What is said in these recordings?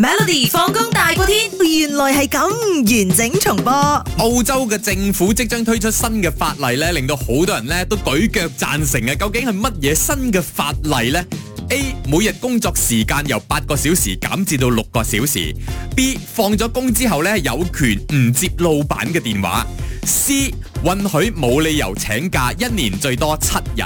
Melody 放工大過天，原來係咁完整重播。澳洲嘅政府即將推出新嘅法例咧，令到好多人咧都舉腳讚成啊！究竟係乜嘢新嘅法例呢？A 每日工作時間由八個小時減至到六個小時。B 放咗工之後咧有權唔接老闆嘅電話。C 允許冇理由請假一年最多七日。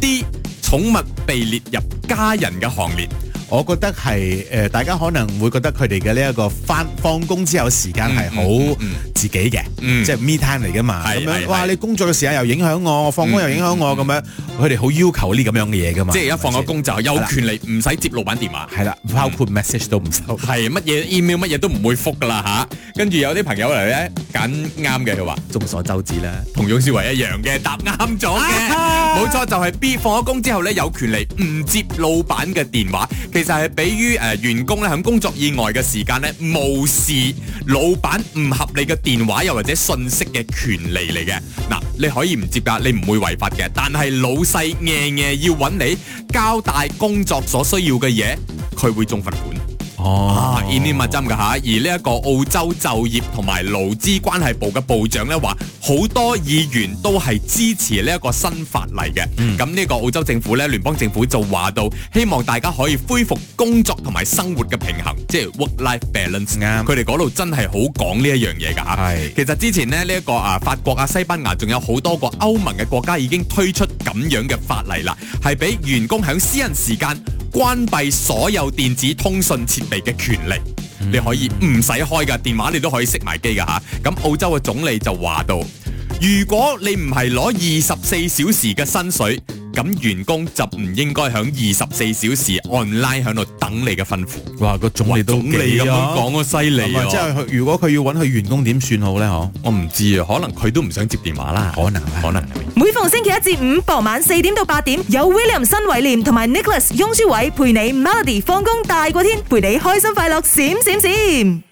D 寵物被列入家人嘅行列。我覺得係誒，大家可能會覺得佢哋嘅呢一個翻放工之後時間係好自己嘅，即係 me time 嚟嘅嘛。咁樣，哇！你工作嘅時間又影響我，放工又影響我，咁樣，佢哋好要求呢咁樣嘅嘢噶嘛。即係而家放咗工就有權利唔使接老闆電話，係啦，包括 message 都唔收，係乜嘢 email 乜嘢都唔會覆噶啦嚇。跟住有啲朋友嚟咧揀啱嘅，佢話：眾所周知啦，同樣思維一樣嘅，答啱咗嘅，冇錯就係 B。放咗工之後咧，有權利唔接老闆嘅電話。其實係俾於誒員工咧響工作以外嘅時間咧，無視老闆唔合理嘅電話又或者信息嘅權利嚟嘅。嗱，你可以唔接㗎，你唔會違法嘅。但係老細硬硬要搵你交帶工作所需要嘅嘢，佢會中罰款。哦，針吓，而呢一個澳洲就業同埋勞資關係部嘅部長呢，話好多議員都係支持呢一個新法例嘅。咁呢 mm. 個澳洲政府呢聯邦政府就話到，希望大家可以恢復工作同埋生活嘅平衡，即係 work-life balance。佢哋嗰度真係好講呢一樣嘢噶。係，mm. 其實之前呢，呢一個啊法國啊西班牙，仲有好多個歐盟嘅國家已經推出咁樣嘅法例啦，係俾員工喺私人時間關閉所有電子通訊設備嘅權利，你可以唔使開噶，電話你都可以熄埋機噶吓。咁澳洲嘅總理就話到：如果你唔係攞二十四小時嘅薪水，咁員工就唔應該喺二十四小時按拉喺度等你嘅吩咐。嘩哇，個總理都咁講，好犀利啊！係咪？即係如果佢要搵佢員工點算好咧？嗬，我唔知啊，可能佢都唔想接電話啦。可能，可能。每逢星期一至五傍晚四點到八點，有 William、新偉廉同埋 Nicholas 翁舒偉陪你 Melody 放工大過天，陪你開心快樂閃閃閃。